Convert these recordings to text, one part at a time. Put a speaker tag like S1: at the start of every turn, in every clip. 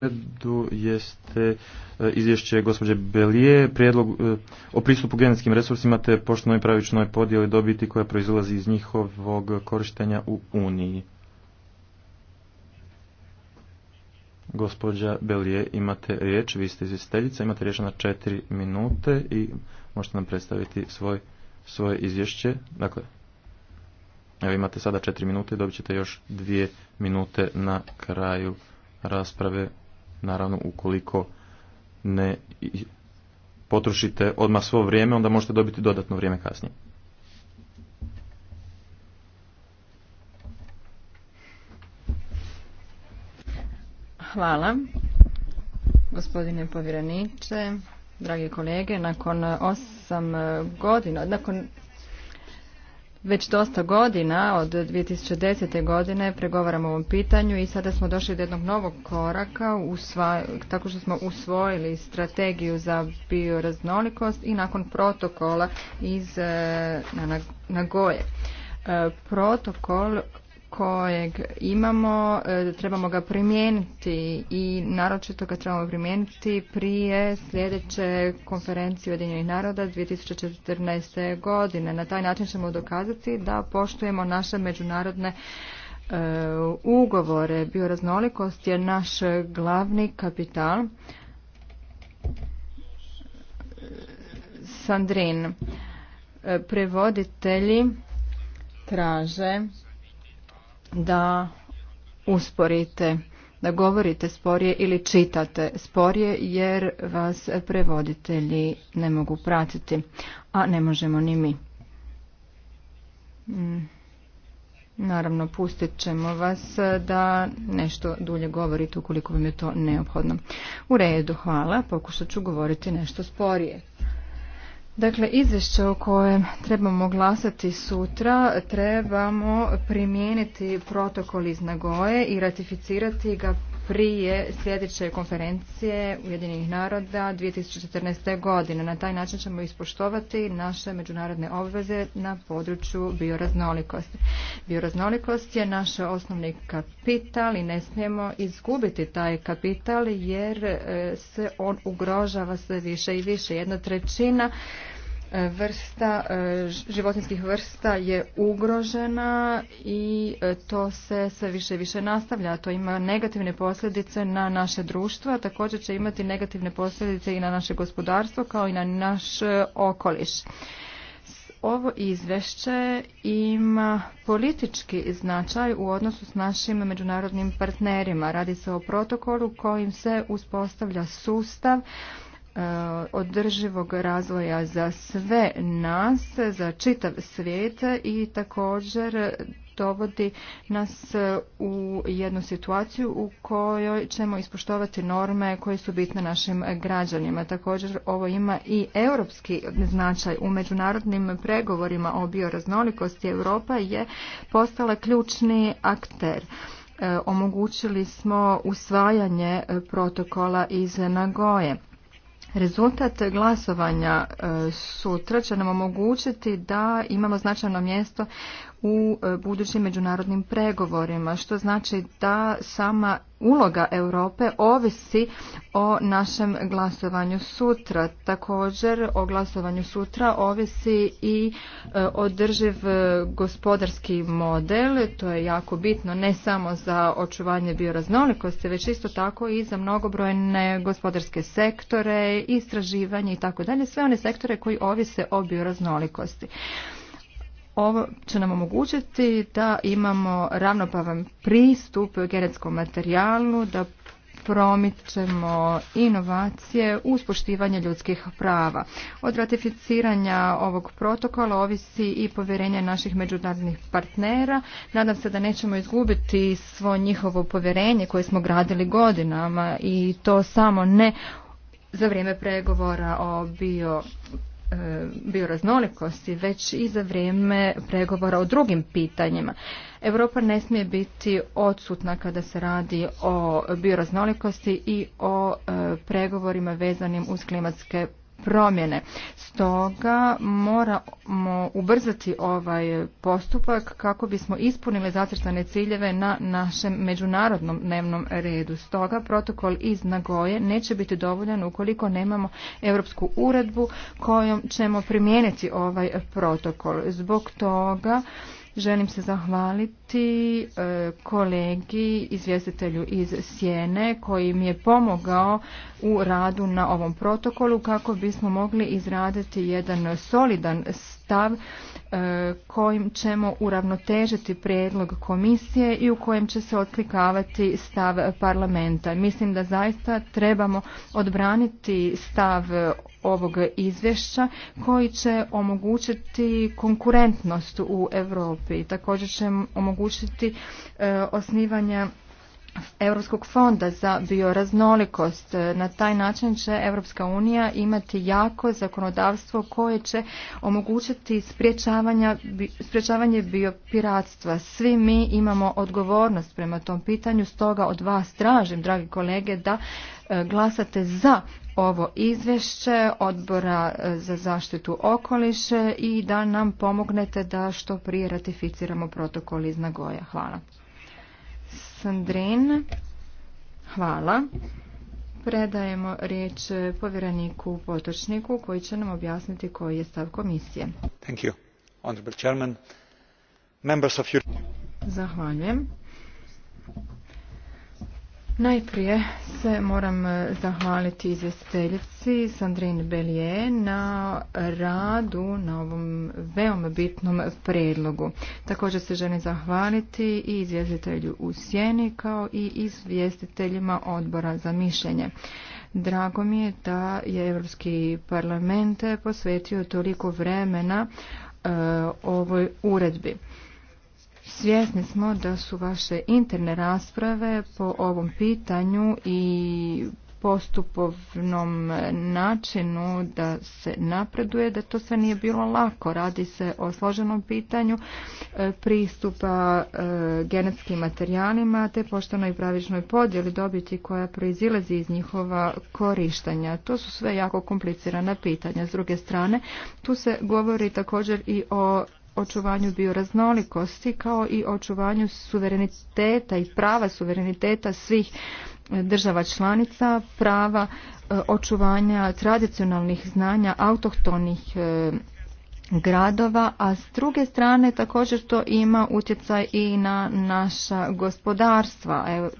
S1: redu jeste e, izvješće gospođe Belije prijedlog e, o pristupu genetskim resursima te poštenoj pravičnoj podjeli dobiti koja proizlazi iz njihovog korištenja u Uniji. Gospođa Belije, imate riječ, vi ste izvjestiteljica, imate riječ na četiri minute i možete nam predstaviti svoj, svoje izvješće. Dakle, evo imate sada četiri minute i dobit ćete još dvije minute na kraju rasprave naravno ukoliko ne potrošite odmah svo vrijeme, onda možete dobiti dodatno vrijeme kasnije.
S2: Hvala. Gospodine povjereniče, dragi kolege, nakon osam godina, nakon već dosta godina, od 2010. godine, pregovaramo o ovom pitanju i sada smo došli do jednog novog koraka tako što smo usvojili strategiju za bioraznolikost i nakon protokola iz eh, Nagoje. Eh, protokol kojeg imamo, e, trebamo ga primijeniti i naročito ga trebamo primijeniti prije sljedeće konferencije Ujedinjenih naroda 2014. godine. Na taj način ćemo dokazati da poštujemo naše međunarodne e, ugovore. Bioraznolikost je naš glavni kapital. Sandrin, e, prevoditelji traže da usporite, da govorite sporije ili čitate sporije jer vas prevoditelji ne mogu pratiti, a ne možemo ni mi. Mm. Naravno, pustit ćemo vas da nešto dulje govorite ukoliko vam je to neophodno. U redu, hvala, pokušat ću govoriti nešto sporije. Dakle, izvješće o kojem trebamo glasati sutra trebamo primijeniti protokol iz Nagoje i ratificirati ga prije sljedeće konferencije Ujedinjenih naroda 2014. godine. Na taj način ćemo ispoštovati naše međunarodne obveze na području bioraznolikosti. Bioraznolikost je naš osnovni kapital i ne smijemo izgubiti taj kapital jer e, se on ugrožava sve više i više. Jedna trećina E, vrsta, e, životinskih vrsta je ugrožena i e, to se sve više i više nastavlja. To ima negativne posljedice na naše društvo, a također će imati negativne posljedice i na naše gospodarstvo kao i na naš okoliš. Ovo izvješće ima politički značaj u odnosu s našim međunarodnim partnerima. Radi se o protokolu kojim se uspostavlja sustav E, održivog razvoja za sve nas, za čitav svijet i također dovodi nas u jednu situaciju u kojoj ćemo ispoštovati norme koje su bitne našim građanima. Također ovo ima i europski značaj u međunarodnim pregovorima o bioraznolikosti. Europa je postala ključni akter e, omogućili smo usvajanje protokola iz Nagoje. Rezultat glasovanja e, sutra će nam omogućiti da imamo značajno mjesto u e, budućim međunarodnim pregovorima, što znači da sama uloga Europe ovisi o našem glasovanju sutra. Također o glasovanju sutra ovisi i e, održiv e, gospodarski model, to je jako bitno ne samo za očuvanje bioraznolikosti, već isto tako i za mnogobrojne gospodarske sektore, istraživanje i tako dalje, sve one sektore koji ovise o bioraznolikosti. Ovo će nam omogućiti da imamo ravnopravan pristup genetskom materijalu, da promičemo inovacije uz poštivanje ljudskih prava. Od ratificiranja ovog protokola ovisi i povjerenje naših međunarodnih partnera. Nadam se da nećemo izgubiti svo njihovo povjerenje koje smo gradili godinama i to samo ne za vrijeme pregovora o bio E, bioraznolikosti, već i za vrijeme pregovora o drugim pitanjima. Europa ne smije biti odsutna kada se radi o bioraznolikosti i o e, pregovorima vezanim uz klimatske promjene. Stoga moramo ubrzati ovaj postupak kako bismo ispunili zacrtane ciljeve na našem međunarodnom dnevnom redu. Stoga protokol iz Nagoje neće biti dovoljan ukoliko nemamo europsku uredbu kojom ćemo primijeniti ovaj protokol. Zbog toga želim se zahvaliti zahvaliti e, kolegi izvjestitelju iz Sjene koji mi je pomogao u radu na ovom protokolu kako bismo mogli izraditi jedan solidan stav e, kojim ćemo uravnotežiti prijedlog komisije i u kojem će se otklikavati stav parlamenta. Mislim da zaista trebamo odbraniti stav ovog izvješća koji će omogućiti konkurentnost u Europi. Također će omogućiti omogućiti e, osnivanja Europskog fonda za bioraznolikost. Na taj način će Europska unija imati jako zakonodavstvo koje će omogućiti sprječavanje biopiratstva. Svi mi imamo odgovornost prema tom pitanju, stoga od vas tražim, dragi kolege, da e, glasate za ovo izvješće odbora e, za zaštitu okoliša i da nam pomognete da što prije ratificiramo protokol iz Nagoja. Hvala. Sandrin, hvala. Predajemo riječ povjereniku Potočniku koji će nam objasniti koji je stav komisije.
S1: Thank you. Honorable Chairman, members of
S2: Zahvaljujem. Najprije se moram e, zahvaliti izvjestiteljici Sandrine Belije na radu na ovom veoma bitnom predlogu. Također se želim zahvaliti i izvjestitelju u Sjeni kao i izvjestiteljima odbora za mišljenje. Drago mi je da je Europski parlament posvetio toliko vremena e, ovoj uredbi. Svjesni smo da su vaše interne rasprave po ovom pitanju i postupovnom načinu da se napreduje, da to sve nije bilo lako. Radi se o složenom pitanju e, pristupa e, genetskim materijalima te poštenoj i pravičnoj podjeli dobiti koja proizilazi iz njihova korištanja. To su sve jako komplicirana pitanja. S druge strane, tu se govori također i o očuvanju bioraznolikosti kao i očuvanju suvereniteta i prava suvereniteta svih e, država članica, prava e, očuvanja tradicionalnih znanja autohtonih e, gradova, a s druge strane također to ima utjecaj i na naša gospodarstva. Evo,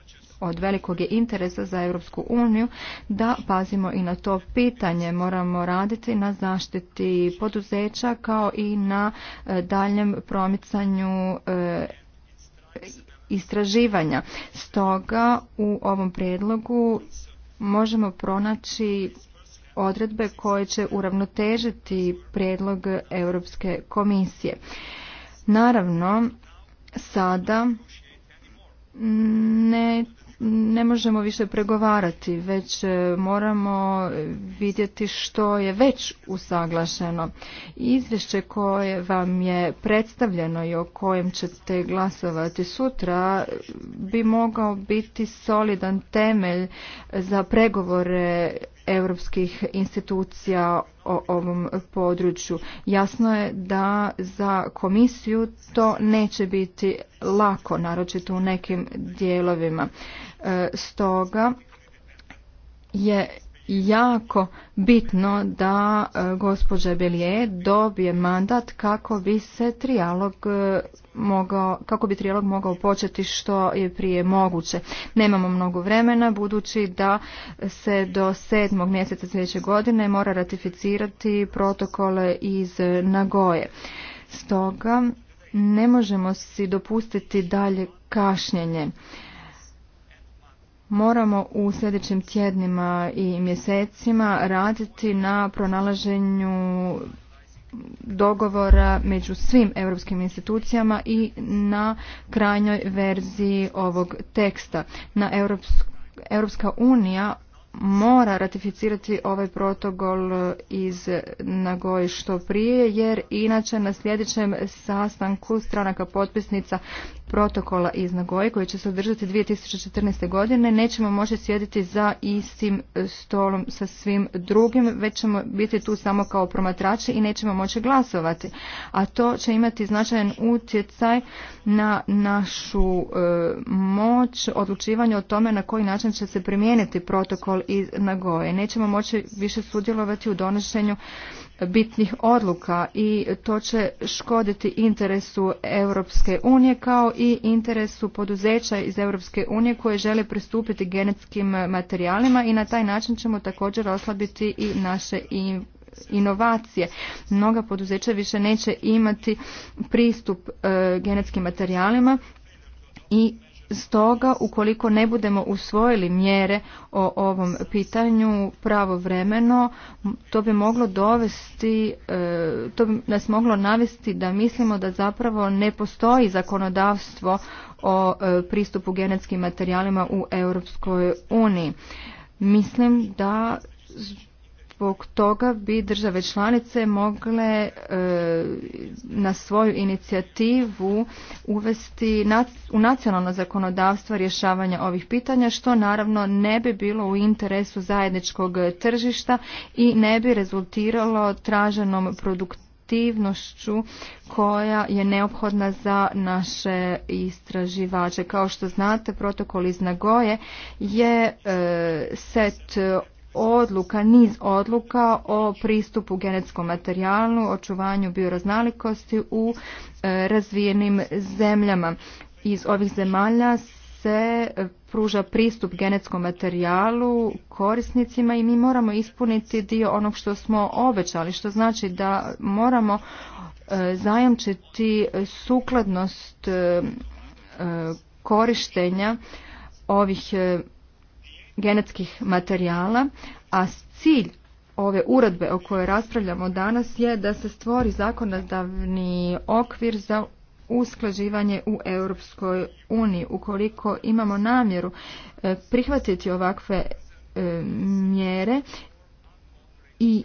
S2: od velikog je interesa za Europsku uniju da pazimo i na to pitanje. Moramo raditi na zaštiti poduzeća kao i na e, daljem promicanju e, istraživanja. Stoga u ovom prijedlogu možemo pronaći odredbe koje će uravnotežiti prijedlog Europske komisije. Naravno, sada ne ne možemo više pregovarati, već e, moramo vidjeti što je već usaglašeno. Izvješće koje vam je predstavljeno i o kojem ćete glasovati sutra bi mogao biti solidan temelj za pregovore europskih institucija o ovom području. Jasno je da za komisiju to neće biti lako, naročito u nekim dijelovima. E, stoga je jako bitno da e, gospođa Belije dobije mandat kako bi se trijalog e, mogao, kako bi trijalog mogao početi što je prije moguće. Nemamo mnogo vremena budući da se do sedmog mjeseca sljedeće godine mora ratificirati protokole iz Nagoje. Stoga ne možemo si dopustiti dalje kašnjenje moramo u sljedećim tjednima i mjesecima raditi na pronalaženju dogovora među svim europskim institucijama i na krajnjoj verziji ovog teksta. Na Europska unija mora ratificirati ovaj protokol iz Nagoje što prije, jer inače na sljedećem sastanku stranaka potpisnica protokola iz Nagoje koji će se održati 2014. godine nećemo moći sjediti za istim stolom sa svim drugim, već ćemo biti tu samo kao promatrači i nećemo moći glasovati. A to će imati značajan utjecaj na našu e, moć odlučivanja o tome na koji način će se primijeniti protokol iz Nagoje. Nećemo moći više sudjelovati u donošenju bitnih odluka i to će škoditi interesu Europske unije kao i interesu poduzeća iz Europske unije koje žele pristupiti genetskim materijalima i na taj način ćemo također oslabiti i naše inovacije. Mnoga poduzeća više neće imati pristup e, genetskim materijalima i Stoga, ukoliko ne budemo usvojili mjere o ovom pitanju pravovremeno, to bi moglo dovesti, e, to bi nas moglo navesti da mislimo da zapravo ne postoji zakonodavstvo o e, pristupu genetskim materijalima u Europskoj uniji. Mislim da Zbog toga bi države članice mogle e, na svoju inicijativu uvesti u nacionalno zakonodavstvo rješavanja ovih pitanja, što naravno ne bi bilo u interesu zajedničkog tržišta i ne bi rezultiralo traženom produktivnošću koja je neophodna za naše istraživače. Kao što znate, protokol iz Nagoje je e, set odluka, niz odluka o pristupu genetskom materijalu, očuvanju bioraznalikosti u e, razvijenim zemljama. Iz ovih zemalja se e, pruža pristup genetskom materijalu korisnicima i mi moramo ispuniti dio onog što smo obećali, što znači da moramo e, zajamčiti sukladnost korištenja ovih genetskih materijala, a cilj ove uredbe o kojoj raspravljamo danas je da se stvori zakonodavni okvir za usklađivanje u Europskoj uniji. Ukoliko imamo namjeru eh, prihvatiti ovakve eh, mjere i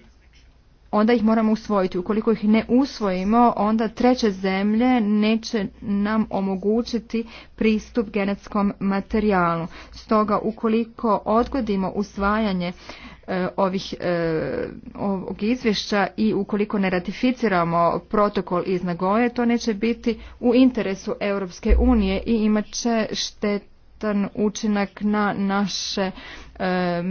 S2: onda ih moramo usvojiti. Ukoliko ih ne usvojimo, onda treće zemlje neće nam omogućiti pristup genetskom materijalu. Stoga, ukoliko odgodimo usvajanje e, ovih, e, ovog izvješća i ukoliko ne ratificiramo protokol iz Nagoje, to neće biti u interesu Europske unije i imat će štetan učinak na naše e,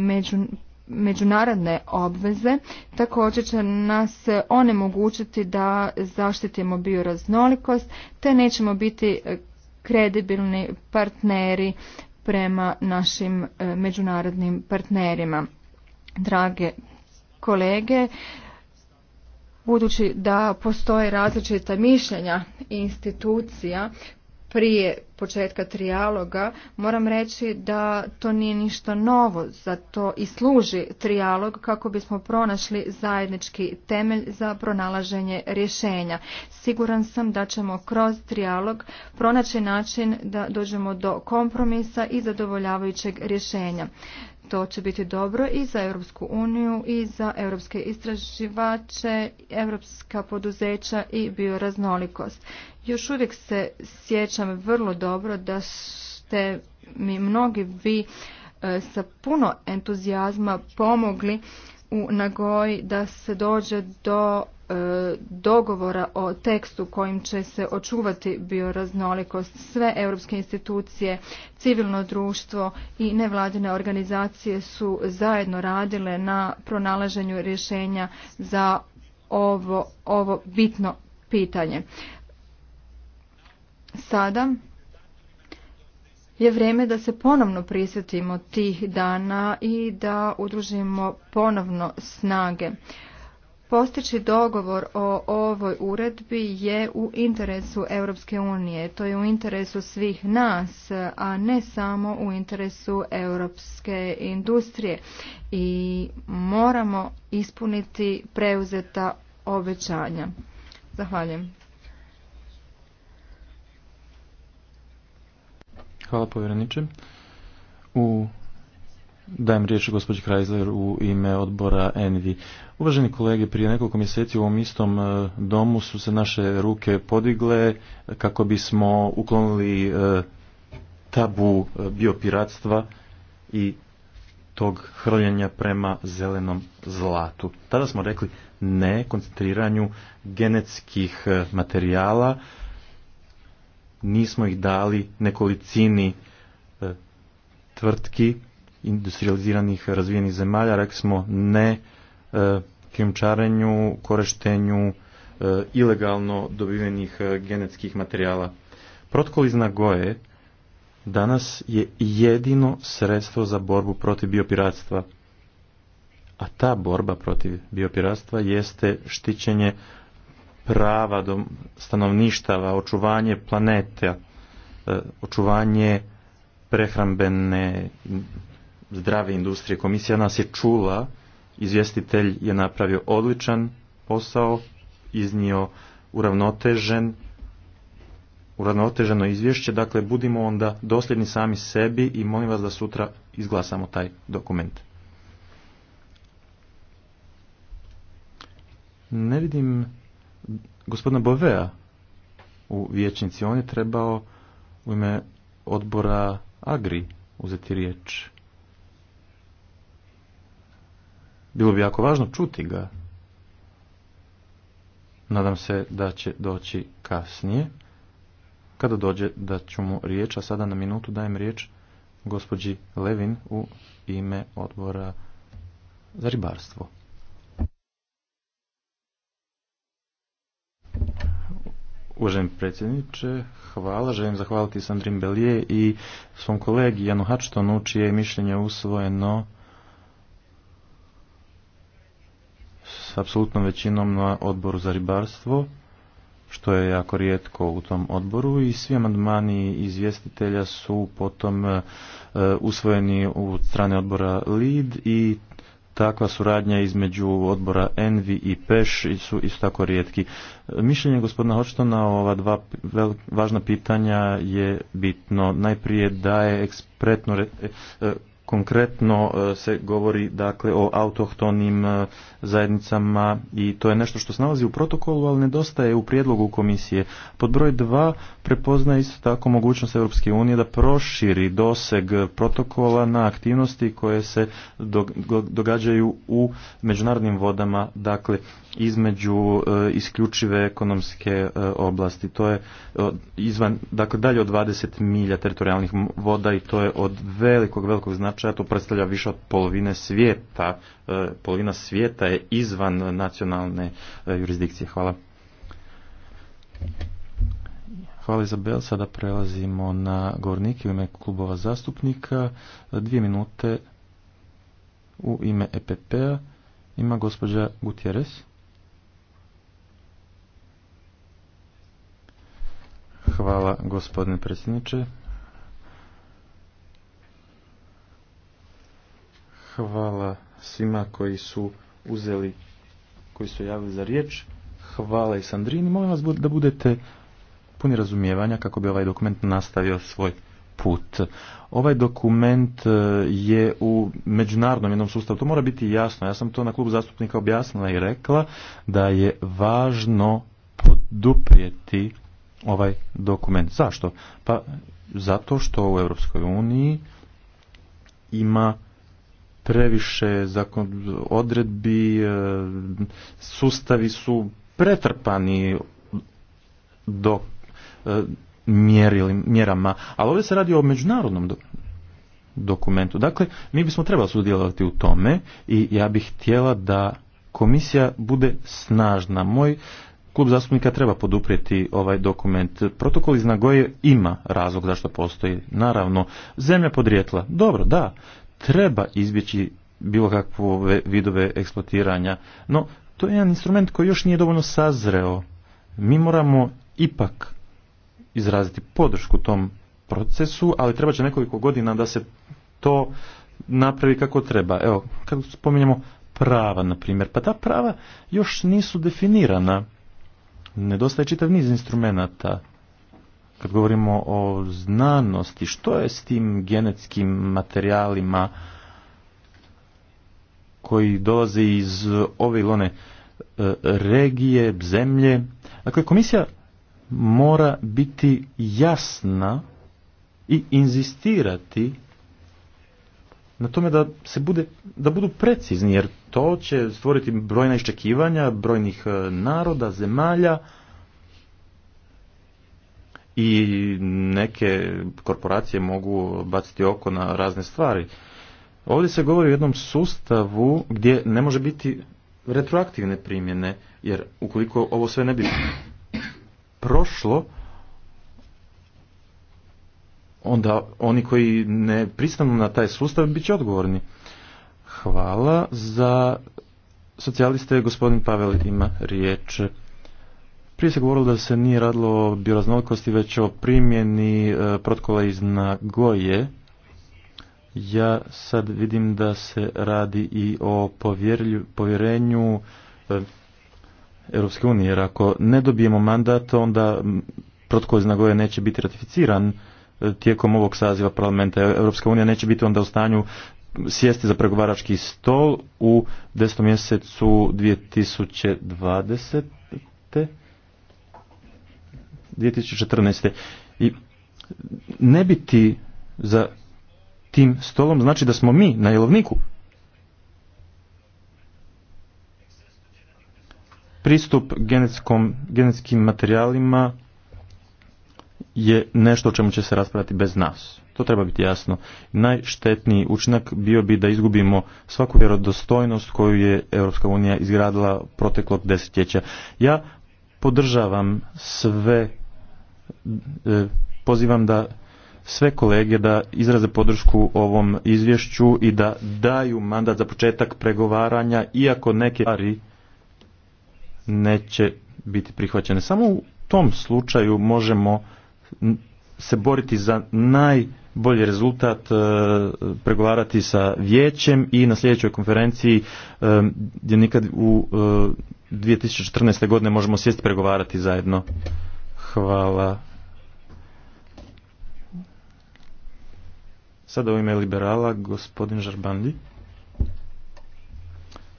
S2: međunarodne obveze također će nas onemogućiti da zaštitimo bioraznolikost te nećemo biti e, kredibilni partneri prema našim e, međunarodnim partnerima. Drage kolege, budući da postoje različita mišljenja institucija prije početka trijaloga, moram reći da to nije ništa novo, zato i služi trijalog kako bismo pronašli zajednički temelj za pronalaženje rješenja. Siguran sam da ćemo kroz trijalog pronaći način da dođemo do kompromisa i zadovoljavajućeg rješenja. To će biti dobro i za Europsku uniju i za europske istraživače, europska poduzeća i bioraznolikost. Još uvijek se sjećam vrlo dobro da ste mi mnogi vi e, sa puno entuzijazma pomogli u Nagoji da se dođe do E, dogovora o tekstu kojim će se očuvati bioraznolikost sve europske institucije civilno društvo i nevladine organizacije su zajedno radile na pronalaženju rješenja za ovo ovo bitno pitanje sada je vrijeme da se ponovno prisjetimo tih dana i da udružimo ponovno snage Postići dogovor o ovoj uredbi je u interesu Europske unije, to je u interesu svih nas, a ne samo u interesu europske industrije i moramo ispuniti preuzeta obećanja. Zahvaljujem.
S1: Hvala povjereniče. U Dajem riječ gospođi Krajzler u ime odbora Envi. Uvaženi kolege, prije nekoliko mjeseci u ovom istom e, domu su se naše ruke podigle kako bismo uklonili e, tabu e, biopiratstva i tog hrljenja prema zelenom zlatu. Tada smo rekli ne koncentriranju genetskih materijala, nismo ih dali nekolicini tvrtki industrializiranih razvijenih zemalja, rekli smo ne E, krijumčarenju, korištenju e, ilegalno dobivenih e, genetskih materijala. Protokol iz Nagoje danas je jedino sredstvo za borbu protiv biopiratstva. A ta borba protiv biopiratstva jeste štićenje prava do stanovništava, očuvanje planeta, očuvanje prehrambene zdrave industrije. Komisija nas je čula Izvjestitelj je napravio odličan posao, iznio uravnotežen uravnoteženo izvješće, dakle budimo onda dosljedni sami sebi i molim vas da sutra izglasamo taj dokument. Ne vidim gospodina Bovea u vijećnici, on je trebao u ime odbora Agri uzeti riječ. Bilo bi jako važno čuti ga. Nadam se da će doći kasnije. Kada dođe da ću mu riječ, a sada na minutu dajem riječ gospođi Levin u ime odbora za ribarstvo. Uvaženi predsjedniče, hvala. Želim zahvaliti Sandrin Belije i svom kolegi Janu Hačtonu, čije je mišljenje usvojeno apsolutnom većinom na odboru za ribarstvo, što je jako rijetko u tom odboru i svi amandmani izvjestitelja su potom e, usvojeni u strane odbora LID i takva suradnja između odbora Envi i Peš su isto tako rijetki. E, mišljenje gospodina Hočtona o ova dva važna pitanja je bitno. Najprije daje ekspertno konkretno e, se govori dakle o autohtonim e, zajednicama i to je nešto što se nalazi u protokolu, ali nedostaje u prijedlogu komisije. Pod broj 2 prepoznaje isto tako mogućnost Europske unije da proširi doseg protokola na aktivnosti koje se događaju u međunarodnim vodama, dakle između e, isključive ekonomske e, oblasti. To je e, izvan, dakle dalje od 20 milja teritorijalnih voda i to je od velikog, velikog značaja. To predstavlja više od polovine svijeta. Polovina svijeta je izvan nacionalne jurisdikcije. Hvala. Hvala Izabel. Sada prelazimo na govornike u ime klubova zastupnika. Dvije minute u ime EPP-a ima gospođa Gutierrez. Hvala gospodine predsjedniče. Hvala svima koji su uzeli, koji su javili za riječ. Hvala i Sandrini. Molim vas da budete puni razumijevanja kako bi ovaj dokument nastavio svoj put. Ovaj dokument e, je u međunarodnom jednom sustavu, to mora biti jasno. Ja sam to na klubu zastupnika objasnila i rekla da je važno poduprijeti ovaj dokument. Zašto? Pa zato što u Europskoj uniji ima previše zakon, odredbi, e, sustavi su pretrpani do e, mjerama, ali ovdje se radi o međunarodnom dokumentu. Dakle, mi bismo trebali sudjelovati u tome i ja bih htjela da komisija bude snažna. Moj klub zastupnika treba poduprijeti ovaj dokument. Protokol iz Nagoje ima razlog zašto postoji. Naravno, zemlja podrijetla. Dobro, da, treba izbjeći bilo kakvo vidove eksploatiranja. No, to je jedan instrument koji još nije dovoljno sazreo. Mi moramo ipak izraziti podršku tom procesu, ali treba će nekoliko godina da se to napravi kako treba. Evo, kad spominjemo prava, na primjer, pa ta prava još nisu definirana nedostaje čitav niz instrumenata kad govorimo o znanosti, što je s tim genetskim materijalima koji dolaze iz ove ili one e, regije, zemlje. Dakle, komisija mora biti jasna i inzistirati na tome da se bude, da budu precizni, jer to će stvoriti brojna iščekivanja brojnih e, naroda, zemalja i neke korporacije mogu baciti oko na razne stvari. Ovdje se govori o jednom sustavu gdje ne može biti retroaktivne primjene, jer ukoliko ovo sve ne bi prošlo, onda oni koji ne pristanu na taj sustav bit će odgovorni. Hvala za socijaliste, gospodin Pavel ima riječ. Prije se govorilo da se nije radilo o bioraznolikosti, već o primjeni e, protokola iz Nagoje. Ja sad vidim da se radi i o povjerenju e, Europske unije, jer ako ne dobijemo mandat, onda protokol iz Nagoje neće biti ratificiran tijekom ovog saziva parlamenta. Europska unija neće biti onda u stanju sjesti za pregovarački stol u 10. mjesecu 2020. 2014. I ne biti za tim stolom znači da smo mi na jelovniku. Pristup genetskim materijalima je nešto o čemu će se raspravljati bez nas. To treba biti jasno. Najštetniji učinak bio bi da izgubimo svaku vjerodostojnost koju je Europska unija izgradila proteklog desetljeća. Ja podržavam sve, e, pozivam da sve kolege da izraze podršku ovom izvješću i da daju mandat za početak pregovaranja, iako neke stvari neće biti prihvaćene. Samo u tom slučaju možemo se boriti za najbolji rezultat, e, pregovarati sa vijećem i na sljedećoj konferenciji e, gdje nikad u 2014. E, godine možemo sjesti pregovarati zajedno. Hvala. Sada u ime liberala gospodin Žarbandi.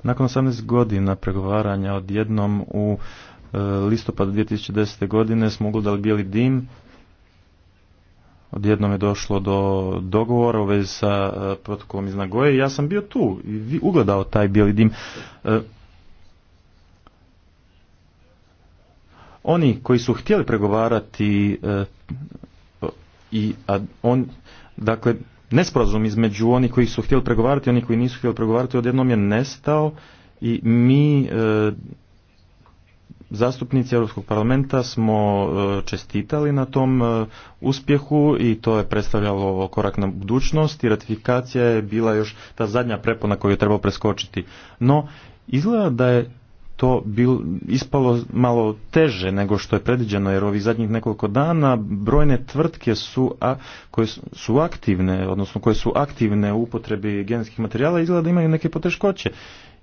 S1: Nakon 18 godina pregovaranja odjednom u listopadu 2010. godine smo ugledali bijeli dim odjednom je došlo do dogovora u vezi sa e, protokolom iz Nagoje. Ja sam bio tu i ugledao taj bijeli dim. E, e, dakle, oni koji su htjeli pregovarati i on, dakle, nesporazum između onih koji su htjeli pregovarati i onih koji nisu htjeli pregovarati odjednom je nestao i mi zastupnici Europskog parlamenta smo e, čestitali na tom e, uspjehu i to je predstavljalo korak na budućnost i ratifikacija je bila još ta zadnja prepona koju je trebao preskočiti. No, izgleda da je to bil, ispalo malo teže nego što je predviđeno jer ovih zadnjih nekoliko dana brojne tvrtke su a, koje su aktivne, odnosno koje su aktivne u upotrebi genetskih materijala izgleda da imaju neke poteškoće.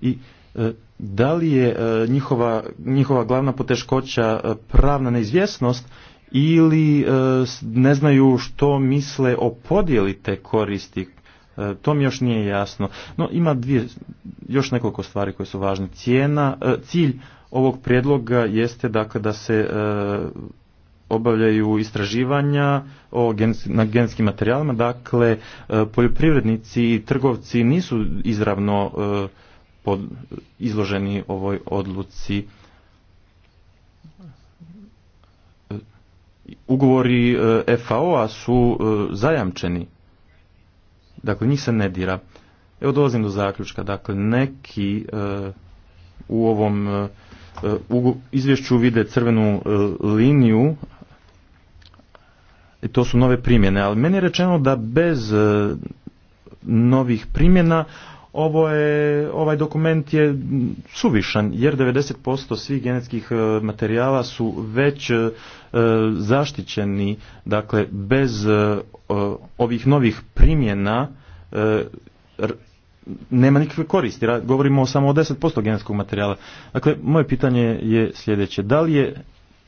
S1: I E, da li je e, njihova, njihova glavna poteškoća e, pravna neizvjesnost ili ne znaju što misle o podjeli te koristi. To mi još nije jasno. No, ima dvije, još nekoliko stvari koje su važne. Cijena, cilj ovog prijedloga jeste dakle da se obavljaju istraživanja o na genetskim materijalima. Dakle, poljoprivrednici i trgovci nisu izravno pod, izloženi ovoj odluci. Ugovori e, FAO-a su e, zajamčeni. Dakle, njih se ne dira. Evo dolazim do zaključka. Dakle, neki e, u ovom izvješću vide crvenu liniju i to su nove primjene, ali meni je rečeno da bez novih primjena ovo je, ovaj dokument je suvišan jer 90% svih genetskih e, materijala su već e, e, zaštićeni dakle bez ovih novih primjena nema nikakve koristi, govorimo samo o 10% genetskog materijala. Dakle, moje pitanje je sljedeće. Da li je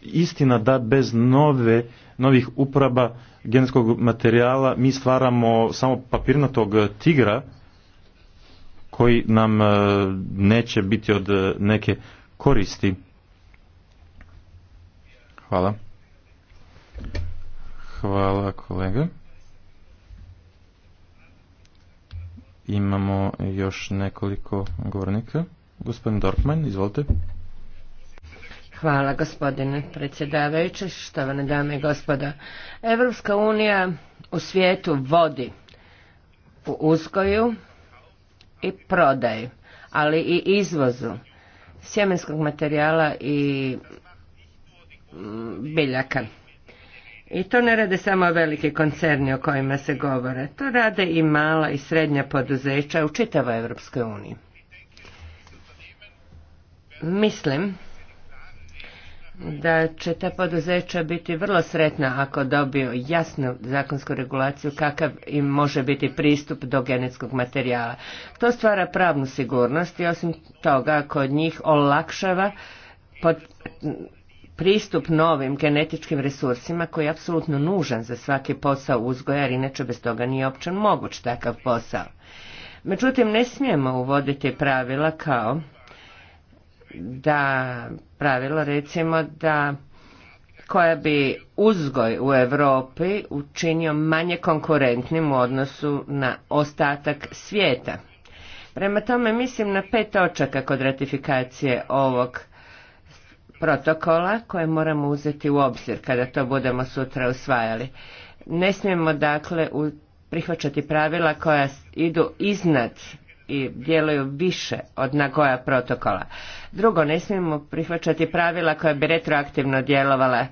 S1: istina da bez nove, novih uporaba genetskog materijala mi stvaramo samo papirnatog tigra koji nam e, neće biti od e, neke koristi. Hvala. Hvala kolega. Imamo još nekoliko govornika. Gospodin Dorfman, izvolite.
S3: Hvala gospodine predsjedavajući, štovane dame i gospoda. Evropska unija u svijetu vodi u uzgoju, i prodaju, ali i izvozu sjemenskog materijala i mm, biljaka. I to ne rade samo veliki koncerni o kojima se govore, to rade i mala i srednja poduzeća u čitavoj Europskoj uniji. Mislim da će ta poduzeća biti vrlo sretna ako dobiju jasnu zakonsku regulaciju kakav im može biti pristup do genetskog materijala. To stvara pravnu sigurnost i osim toga kod njih olakšava pristup novim genetičkim resursima koji je apsolutno nužan za svaki posao uzgoja jer inače bez toga nije uopće moguć takav posao. Međutim, ne smijemo uvoditi pravila kao da pravilo recimo da koja bi uzgoj u Europi učinio manje konkurentnim u odnosu na ostatak svijeta. Prema tome mislim na pet točaka kod ratifikacije ovog protokola koje moramo uzeti u obzir kada to budemo sutra usvajali. Ne smijemo dakle prihvaćati pravila koja idu iznad i djeluju više od Nagoja protokola. Drugo, ne smijemo prihvaćati pravila koja bi retroaktivno djelovala.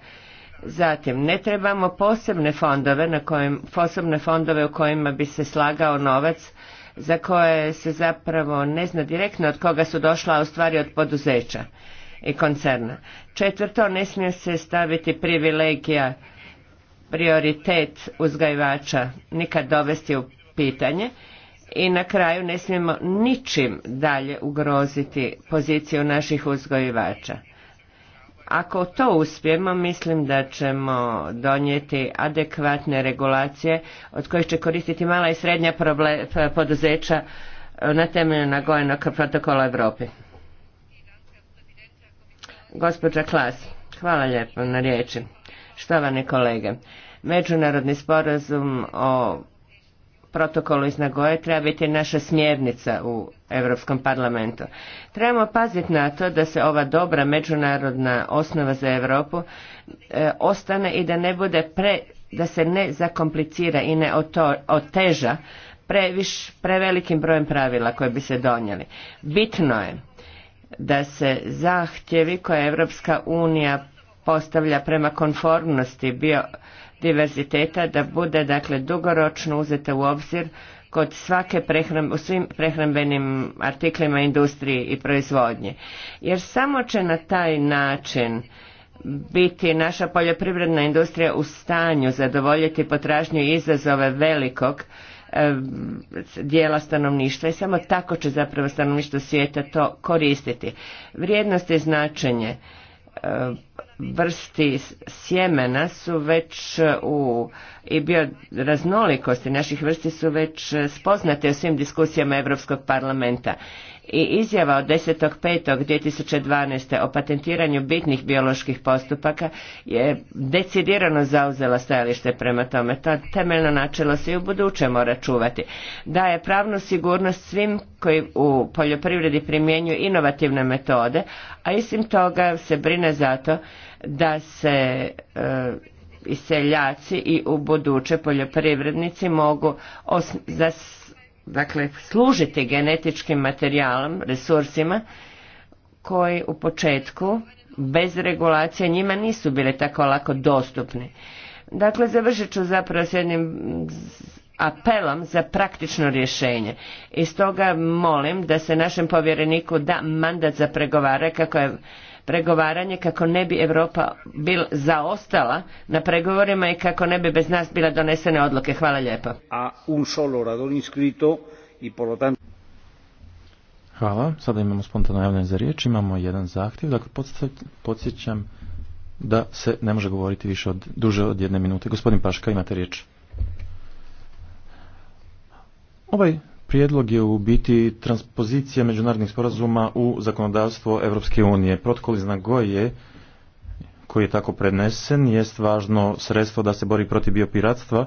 S3: Zatim, ne trebamo posebne fondove, na kojim, posebne fondove u kojima bi se slagao novac za koje se zapravo ne zna direktno od koga su došla, a u stvari od poduzeća i koncerna. Četvrto, ne smije se staviti privilegija, prioritet uzgajivača nikad dovesti u pitanje i na kraju ne smijemo ničim dalje ugroziti poziciju naših uzgojivača. Ako to uspijemo, mislim da ćemo donijeti adekvatne regulacije od kojih će koristiti mala i srednja poduzeća e, na temelju nagojenog protokola Europi. Gospođa Klas, hvala lijepo na riječi. Štovane kolege, međunarodni sporazum o protokolu iz Nagoje treba biti naša smjernica u Europskom parlamentu. Trebamo paziti na to da se ova dobra međunarodna osnova za Europu e, ostane i da ne bude pre, da se ne zakomplicira i ne oteža previš, prevelikim brojem pravila koje bi se donijeli. Bitno je da se zahtjevi koje Europska unija postavlja prema konformnosti bio diverziteta da bude dakle dugoročno uzeta u obzir kod svake prehram, u svim prehrambenim artiklima industriji i proizvodnje. Jer samo će na taj način biti naša poljoprivredna industrija u stanju zadovoljiti potražnju izazove velikog dijela stanovništva i samo tako će zapravo stanovništvo svijeta to koristiti. Vrijednost i značenje vrsti sjemena su već e, u i bioraznolikosti naših vrsti su već e, spoznate u svim diskusijama Europskog parlamenta i izjava od 10.5.2012. o patentiranju bitnih bioloških postupaka je decidirano zauzela stajalište prema tome. To temeljno načelo se i u buduće mora čuvati. Daje pravnu sigurnost svim koji u poljoprivredi primjenjuju inovativne metode, a isim toga se brine zato da se e, i seljaci i u buduće poljoprivrednici mogu za dakle služiti genetičkim materijalom, resursima koji u početku bez regulacije njima nisu bile tako lako dostupni. Dakle, završit ću zapravo s jednim apelom za praktično rješenje. I stoga molim da se našem povjereniku da mandat za pregovare kako je pregovaranje kako ne bi Europa bil zaostala na pregovorima i kako ne bi bez nas bila donesene odluke. Hvala lijepa. A un solo i
S1: Hvala. Sada imamo spontano javljanje za riječ. Imamo jedan zahtjev. Dakle, podsjećam da se ne može govoriti više od, duže od jedne minute. Gospodin Paška, imate riječ. Ovaj prijedlog je u biti transpozicija međunarodnih sporazuma u zakonodavstvo Europske unije. Protokol iz Nagoje koji je tako prednesen jest važno sredstvo da se bori protiv biopiratstva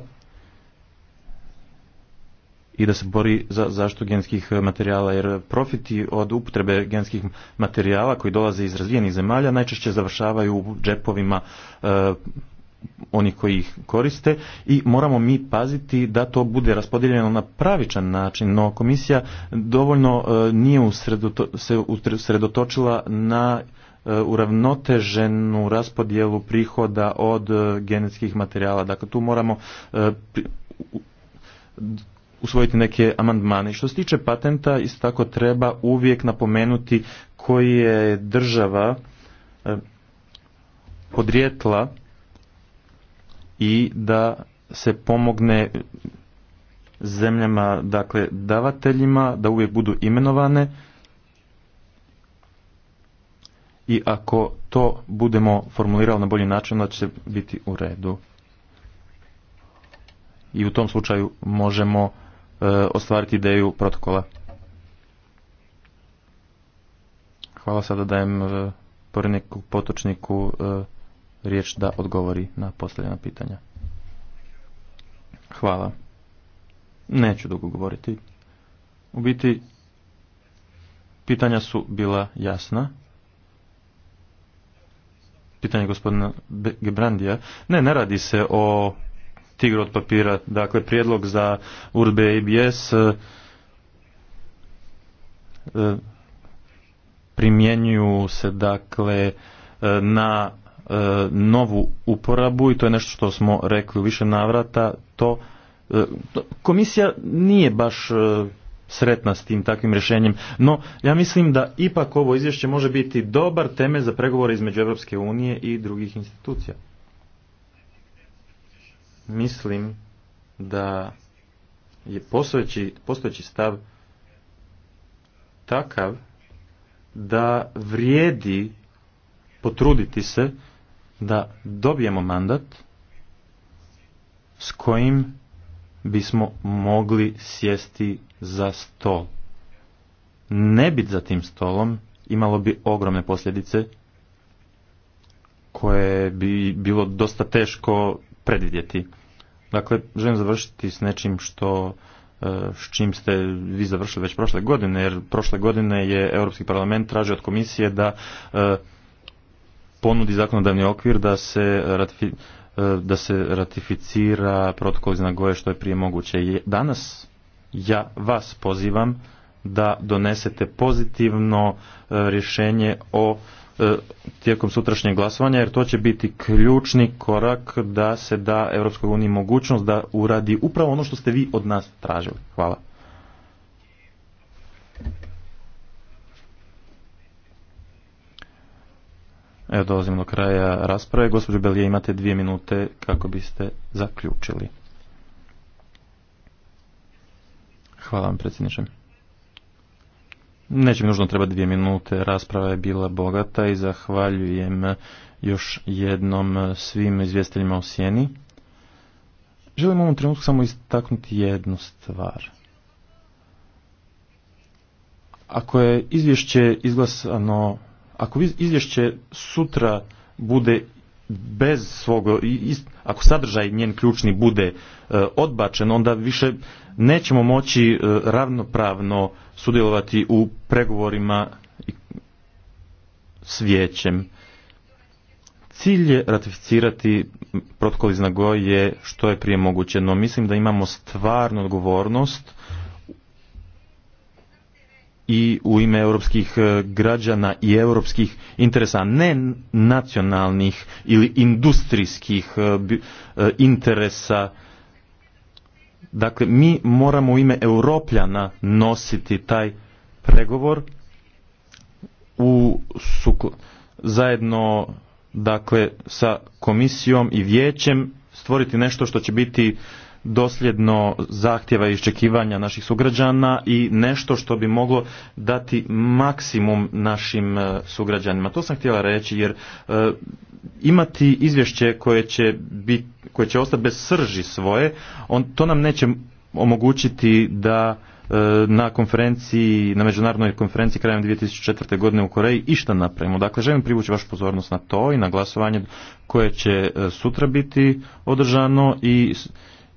S1: i da se bori za zaštitu genskih materijala jer profiti od upotrebe genskih materijala koji dolaze iz razvijenih zemalja najčešće završavaju u džepovima e, oni koji ih koriste i moramo mi paziti da to bude raspodijeljeno na pravičan način, no komisija dovoljno e, nije se usredotočila na e, uravnoteženu raspodjelu prihoda od e, genetskih materijala. Dakle, tu moramo usvojiti neke amandmane. Što se tiče patenta, isto tako treba uvijek napomenuti koji je država podrijetla i da se pomogne zemljama, dakle davateljima, da uvijek budu imenovane i ako to budemo formulirali na bolji način, onda će biti u redu. I u tom slučaju možemo e, ostvariti ideju protokola. Hvala sada dajem e, potočniku e, riječ da odgovori na postavljena pitanja. Hvala. Neću dugo govoriti. U biti, pitanja su bila jasna. Pitanje gospodina Gebrandija. Ne, ne radi se o tigru od papira. Dakle, prijedlog za urbe ABS e, primjenjuju se dakle e, na E, novu uporabu i to je nešto što smo rekli u više navrata. To, e, komisija nije baš e, sretna s tim takvim rješenjem, no ja mislim da ipak ovo izvješće može biti dobar teme za pregovore između Europske unije i drugih institucija. Mislim da je postojeći, postojeći stav takav da vrijedi potruditi se da dobijemo mandat s kojim bismo mogli sjesti za stol. Ne bit za tim stolom imalo bi ogromne posljedice koje bi bilo dosta teško predvidjeti. Dakle, želim završiti s nečim što e, s čim ste vi završili već prošle godine, jer prošle godine je Europski parlament tražio od komisije da e, ponudi zakonodavni okvir da se e, da se ratificira protokol iz Nagoje što je prije moguće. Danas ja vas pozivam da donesete pozitivno e, rješenje o e, tijekom sutrašnjeg glasovanja jer to će biti ključni korak da se da Europskoj uniji mogućnost da uradi upravo ono što ste vi od nas tražili. Hvala. Evo dolazimo do kraja rasprave. Gospođo Belije, imate dvije minute kako biste zaključili. Hvala vam predsjedniče. Neće mi nužno trebati dvije minute, rasprava je bila bogata i zahvaljujem još jednom svim izvjestiteljima u sjeni. Želim u ovom trenutku samo istaknuti jednu stvar. Ako je izvješće izglasano ako izvješće sutra bude bez svog, ako sadržaj njen ključni bude e, odbačen, onda više nećemo moći e, ravnopravno sudjelovati u pregovorima s vijećem. Cilj je ratificirati protokol iz Nagoje što je prije moguće, no mislim da imamo stvarnu odgovornost i u ime europskih e, građana i europskih interesa, ne nacionalnih ili industrijskih e, e, interesa. Dakle, mi moramo u ime Europljana nositi taj pregovor u zajedno dakle sa komisijom i vijećem stvoriti nešto što će biti dosljedno zahtjeva i iščekivanja naših sugrađana i nešto što bi moglo dati maksimum našim e, sugrađanima. To sam htjela reći jer e, imati izvješće koje će, bit, koje će ostati bez srži svoje, on, to nam neće omogućiti da e, na konferenciji, na međunarodnoj konferenciji krajem 2004. godine u Koreji išta napravimo. Dakle, želim privući vašu pozornost na to i na glasovanje koje će sutra biti održano i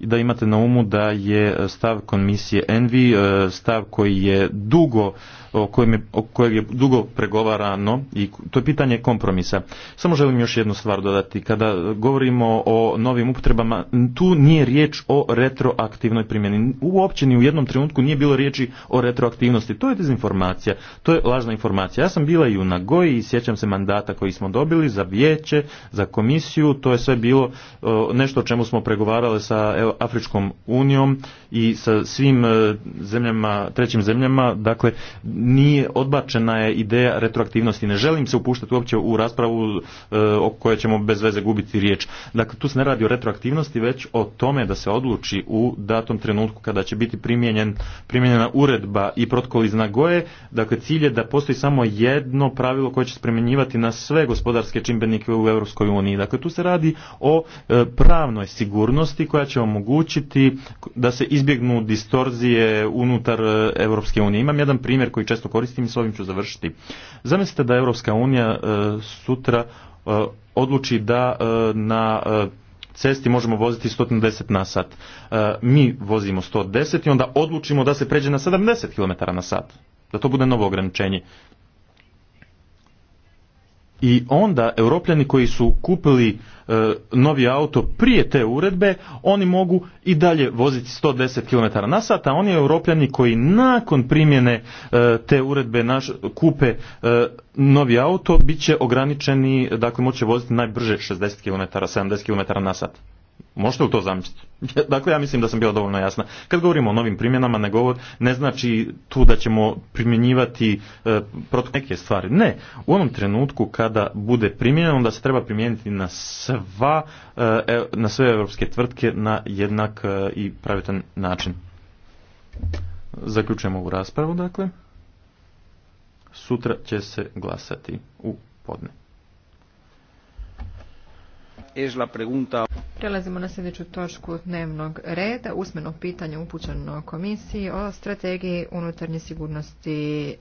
S1: da imate na umu da je e, stav komisije Envi e, stav koji je dugo o kojem je, o kojem je dugo pregovarano i to je pitanje kompromisa. Samo želim još jednu stvar dodati. Kada govorimo o novim upotrebama, tu nije riječ o retroaktivnoj primjeni. Uopće ni u jednom trenutku nije bilo riječi o retroaktivnosti. To je dezinformacija, to je lažna informacija. Ja sam bila i u Nagoji i sjećam se mandata koji smo dobili za vijeće, za komisiju. To je sve bilo e, nešto o čemu smo pregovarali sa Afričkom unijom i sa svim e, zemljama, trećim zemljama, dakle nije odbačena je ideja retroaktivnosti. Ne želim se upuštati uopće u raspravu e, o kojoj ćemo bez veze gubiti riječ. Dakle, tu se ne radi o retroaktivnosti, već o tome da se odluči u datom trenutku kada će biti primijenjen, primijenjena uredba i protokol iz Nagoje. Dakle, cilj je da postoji samo jedno pravilo koje će se primjenjivati na sve gospodarske čimbenike u Europskoj uniji. Dakle, tu se radi o e, pravnoj sigurnosti koja će vam omogućiti da se izbjegnu distorzije unutar Europske unije. Imam jedan primjer koji često koristim i s ovim ću završiti. Zamislite da Europska unija e, sutra e, odluči da e, na cesti možemo voziti 110 na sat. Mi vozimo 110 i onda odlučimo da se pređe na 70 km na sat. Da to bude novo ograničenje i onda europljani koji su kupili e, novi auto prije te uredbe oni mogu i dalje voziti 110 km na sat a oni europljani koji nakon primjene e, te uredbe naš, kupe e, novi auto bit će ograničeni dakle moće voziti najbrže 60 km 70 km na sat Možete u to zamisliti? Dakle, ja mislim da sam bila dovoljno jasna. Kad govorimo o novim primjenama, ne, ne znači tu da ćemo primjenjivati e, protiv neke stvari. Ne, u onom trenutku kada bude primjenjeno, da se treba primijeniti na, sva, e, e, na sve europske tvrtke na jednak e, i pravitan način. Zaključujemo ovu raspravu, dakle. Sutra će se glasati u podne.
S2: Prelazimo na sljedeću točku dnevnog reda, usmeno pitanje upućeno komisiji o strategiji unutarnje sigurnosti